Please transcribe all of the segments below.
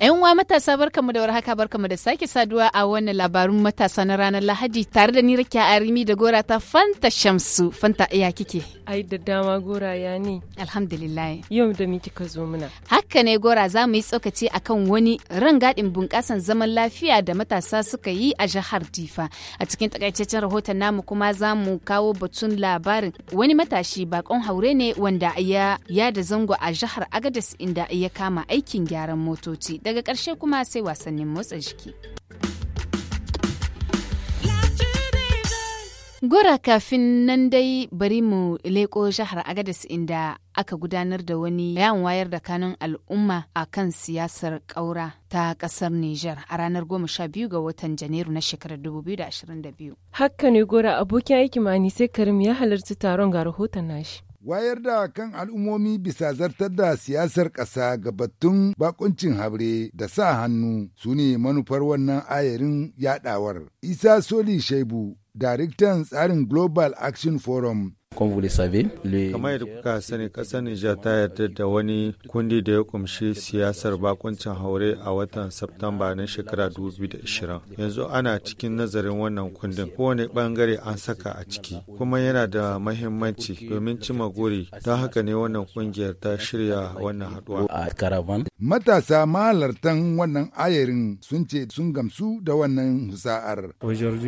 'Yan uwa matasa barkamu da warhaka barkamu da sake saduwa a wannan labarun matasa na ranar Lahadi tare da ni a Arimi da Gora ta Fanta Shamsu. Fanta iya kike? Ai da dama Gora ya ne. Alhamdulillah. Yau da miki ka zo muna. Haka ne Gora za mu yi tsokaci akan wani rangadin bunƙasan zaman lafiya da matasa suka yi a jihar Difa. A cikin takaitaccen rahoton namu kuma za mu kawo batun labarin wani matashi bakon haure ne wanda ya da zango a jihar Agadez inda ya kama aikin gyaran motoci. daga ƙarshe kuma sai wasannin motsa jiki. Gora kafin nan dai bari mu leko jihar Agadis inda aka gudanar da wani yawon wayar da kanun al'umma a kan siyasar ƙaura ta ƙasar Nijar a ranar 12 ga watan Janairu na shekarar 2022. haka ne Gora abokin aiki Mani sai Karim ya halarci taron ga rahoton nashi. wayar da kan al'ummomi bisa zartar da siyasar ƙasa ga battun bakuncin habre da sa hannu su ne manufar wannan ayarin yadawar. Isa Soli Shaibu, daraktan tsarin Global Action Forum comme vous le savez. Le... Kamar yadda kuka sani ƙasar Niger ta yarda da wani kundi da ya kumshi siyasar bakuncin haure a watan Satumba na shekara 2020. Yanzu ana cikin nazarin wannan kundin kowane bangare an saka a ciki kuma yana da mahimmanci domin cima guri don haka ne wannan kungiyar ta shirya wannan haduwa. Matasa mahalartan wannan ayarin sun ce sun gamsu da wannan husa'ar.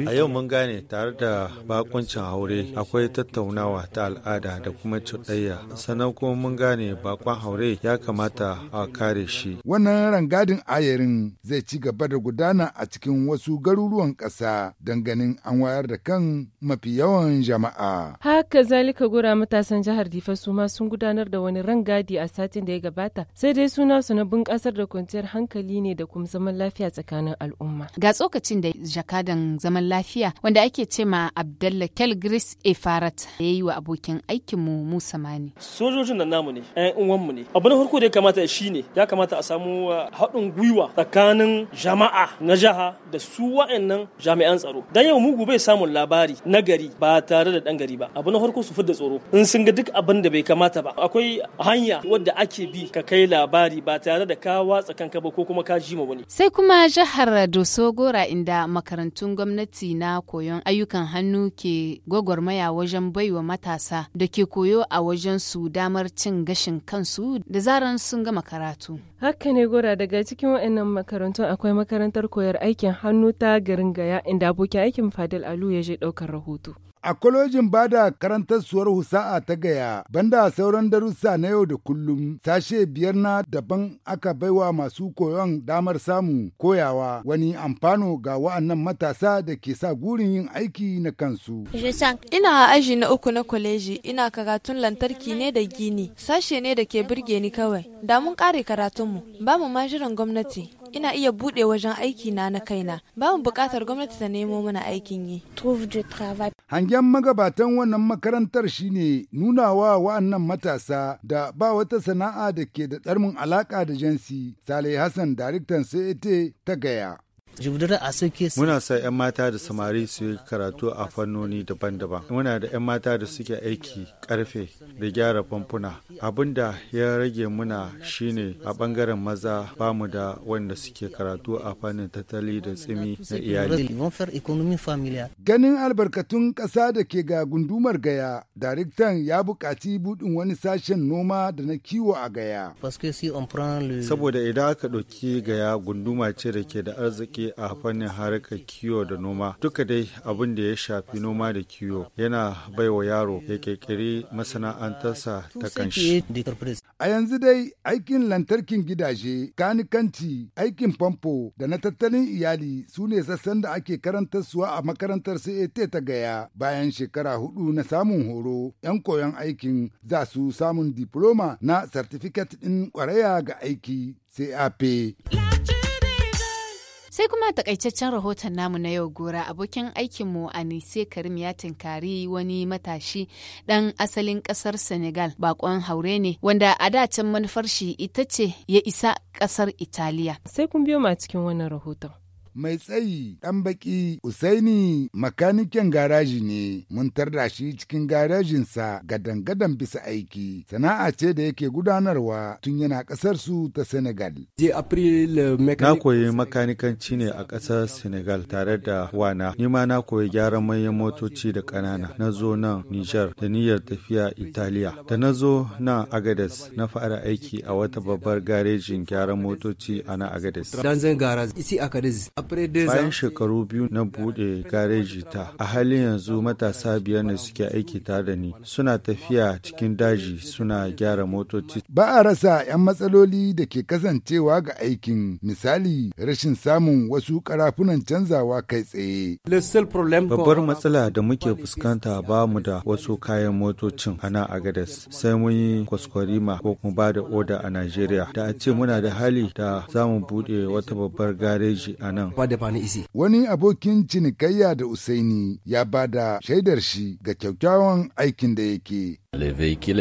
A yau mun gane tare da bakuncin haure akwai tattaunawa kyawawa ta al'ada da kuma cuɗayya sannan kuma mun gane bakon haure ya kamata a kare shi wannan rangadin ayarin zai ci gaba da gudana a cikin wasu garuruwan ƙasa ganin an wayar da kan mafi yawan jama'a haka zalika gura matasan jihar difa su ma sun gudanar da wani rangadi a satin da ya gabata sai dai suna su na bunƙasar da kwanciyar hankali ne da kuma zaman lafiya tsakanin al'umma ga tsokacin da jakadan zaman lafiya wanda ake ce ma abdalla kelgris efarat ya yi yi wa abokin aikinmu Musa Mani. Sojojin nan namu ne, ƴan uwanmu ne. Abu na farko da ya kamata shi ne, ya kamata a samu uh, haɗin gwiwa tsakanin jama'a na jiha da su wa'annan jami'an tsaro. Dan yau mugu bai samun labari na gari ba tare da ɗan gari ba. Abu na farko su fidda tsoro. In sun ga duk abin da bai kamata ba. Akwai hanya wadda ake bi ka kai labari ba tare da ka watsa kanka ba ko kuma ka ji ma wani. Sai kuma jihar Doso Gora inda makarantun gwamnati na koyon ayyukan hannu ke gwagwarmaya wajen baiwa matasa da ke koyo a wajen su damar cin gashin kansu da zaran sun gama karatu. Haka ne gora daga cikin waɗannan makarantun akwai makarantar koyar aikin hannu ta garin gaya inda abokin aikin Fadil Alu ya je ɗaukar rahoto. A kwalojin bada karantarsuwar husa'a ta gaya, banda sauran darussa na yau da kullum, sashe biyar na daban aka baiwa masu koyon damar samu koyawa wani amfano ga wa'annan matasa da ke sa gurin yin aiki na kansu. Ina aji na uku na kwaleji, ina karatun lantarki ne da gini, sashe ne da ke birge ni kawai. Da mun kare karatunmu, ba mu gwamnati, ina iya buɗe wajen aiki na na kaina babu bukatar buƙatar gwamnati ta nemo mana aikin yi hangen magabatan wannan makarantar shine nuna wa wa'annan matasa da ba wata sana'a da ke da tsarmin alaƙa da jinsi sale hassan daraktan ct ta gaya Muna sa 'yan mata da samari su yi karatu a fannoni daban-daban. Muna da 'yan mata da suke aiki karfe da gyara famfuna. Abin da ya rage muna shine a bangaren maza ba mu da wanda suke karatu a fannin tattali da tsimi na iyali. Ganin albarkatun ƙasa da ke ga gundumar gaya, daraktan ya buƙaci buɗin wani sashen noma da na kiwo a gaya. Saboda idan aka ɗauki gaya gunduma ce da ke da arziki a fannin harkar kiwo da noma duka dai abin da ya shafi noma da kiwo yana baiwa yaro ya kirkiri masana'antarsa ta kanshi a yanzu dai aikin lantarkin gidaje kanikanci aikin famfo da na tattalin iyali su ne sassan da ake karantarsuwa a makarantar cat ta gaya bayan shekara hudu na samun horo 'yan koyon aikin za su samun diploma na certificate ɗin kwaraya ga aiki cap. Sai kuma takaitaccen rahoton namu na yau gora abokin aikinmu Anise Karim ya tinkari wani matashi ɗan asalin ƙasar Senegal bakon haure ne wanda a da can manufar shi ita ce ya isa ƙasar Italiya. Sai kun biyo ma cikin wannan rahoton. mai tsayi ɗan baƙi usaini makaniken garaji ne mun tarda shi cikin garajinsa gadan-gadan bisa aiki sana'a ce da yake gudanarwa tun yana ƙasar su ta senegal na koyi makanikanci ne a ƙasar senegal tare da wana ni ma na koyi gyaran manyan motoci da ƙanana na zo nan niger da niyyar tafiya italiya da na zo nan agades na fara aiki a wata babbar garejin gyaran motoci a na agades Bayan shekaru biyu na buɗe gareji ta, a halin yanzu matasa biyar ne suke aiki tare da ni, suna tafiya cikin daji suna gyara motoci. Ba a rasa 'yan matsaloli da ke kasancewa ga aikin, misali rashin samun wasu karafunan canzawa kai tsaye. Babbar matsala da muke fuskanta ba mu da wasu kayan motocin a nan sai mun yi kwaskwarima ko mu ba da oda a Najeriya. Da a ce muna da hali da za mu buɗe wata babbar gareji a nan isi. Wani abokin cinikayya da Usaini ya bada shaidar shi ga kyakkyawan aikin da yake Motata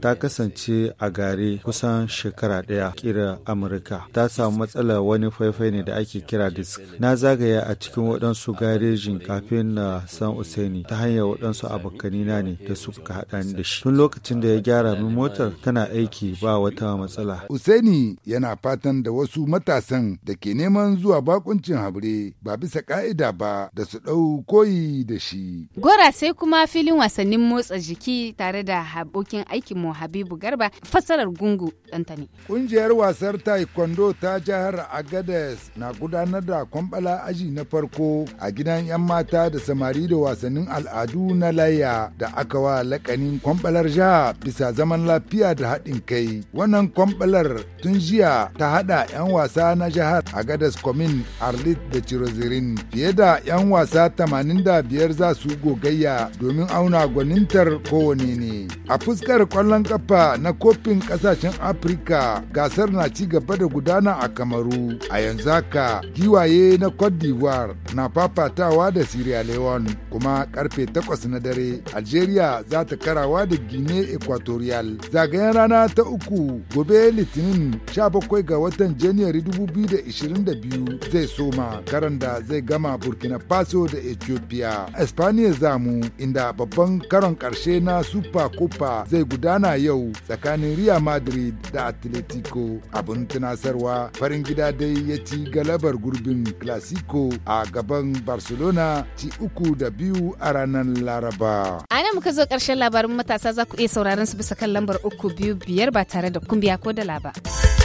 ta kasance a gare kusan shekara ɗaya kira Amurka. Ta samu matsala wani faifai ne da ake kira disk. Na zagaya a cikin waɗansu garejin kafin na san Usaini ta hanyar waɗansu abokanina ne da suka haɗa ni da shi. Tun lokacin da ya gyara min motar tana aiki ba wata matsala. Usaini yana fatan da wasu matasan da ke neman zuwa bakuncin habre ba bisa ka'ida ba da su ɗau koyi da shi. Gora sai kuma filin wasannin motsa jiki tare da abokin mu Habibu Garba fassarar gungu ɗantani. Kungiyar wasar taekwondo ta jihar Agadez na gudanar da kwambala aji na farko a gidan 'yan mata da samari da wasannin al'adu na laya da aka wa lakanin kwambalar jiha bisa zaman lafiya da haɗin kai. Wannan kwambalar tun jiya ta haɗa 'yan wasa na jihar Agadez Komin Arlit da Chirozirin fiye da 'yan wasa 85 za su gogayya domin auna gwanintar kowane ne. A fuskar kwallon kafa na kofin kasashen Afirka gasar na ci gaba da gudana a Kamaru. A yanzu haka giwaye na Cote d'Ivoire na fafatawa da Sierra Leone kuma karfe 8 na dare Algeria za ta karawa da Guinea Equatorial. Zagayen rana ta uku gobe Litinin 17 ga watan Janairu 2022 zai soma karan da zai gama Burkina Faso da Ethiopia. Espanya zamu inda babban don karon karshe na Super Copa zai gudana yau tsakanin Real Madrid da Atletico. Abin tunasarwa farin gida dai ya ci galabar gurbin Clasico a gaban Barcelona ci uku da biyu a ranar Laraba. A nan muka zo karshen labarin matasa za ku iya sauraron su bisa kan lambar uku biyu biyar ba tare da kumbiya ko da laba.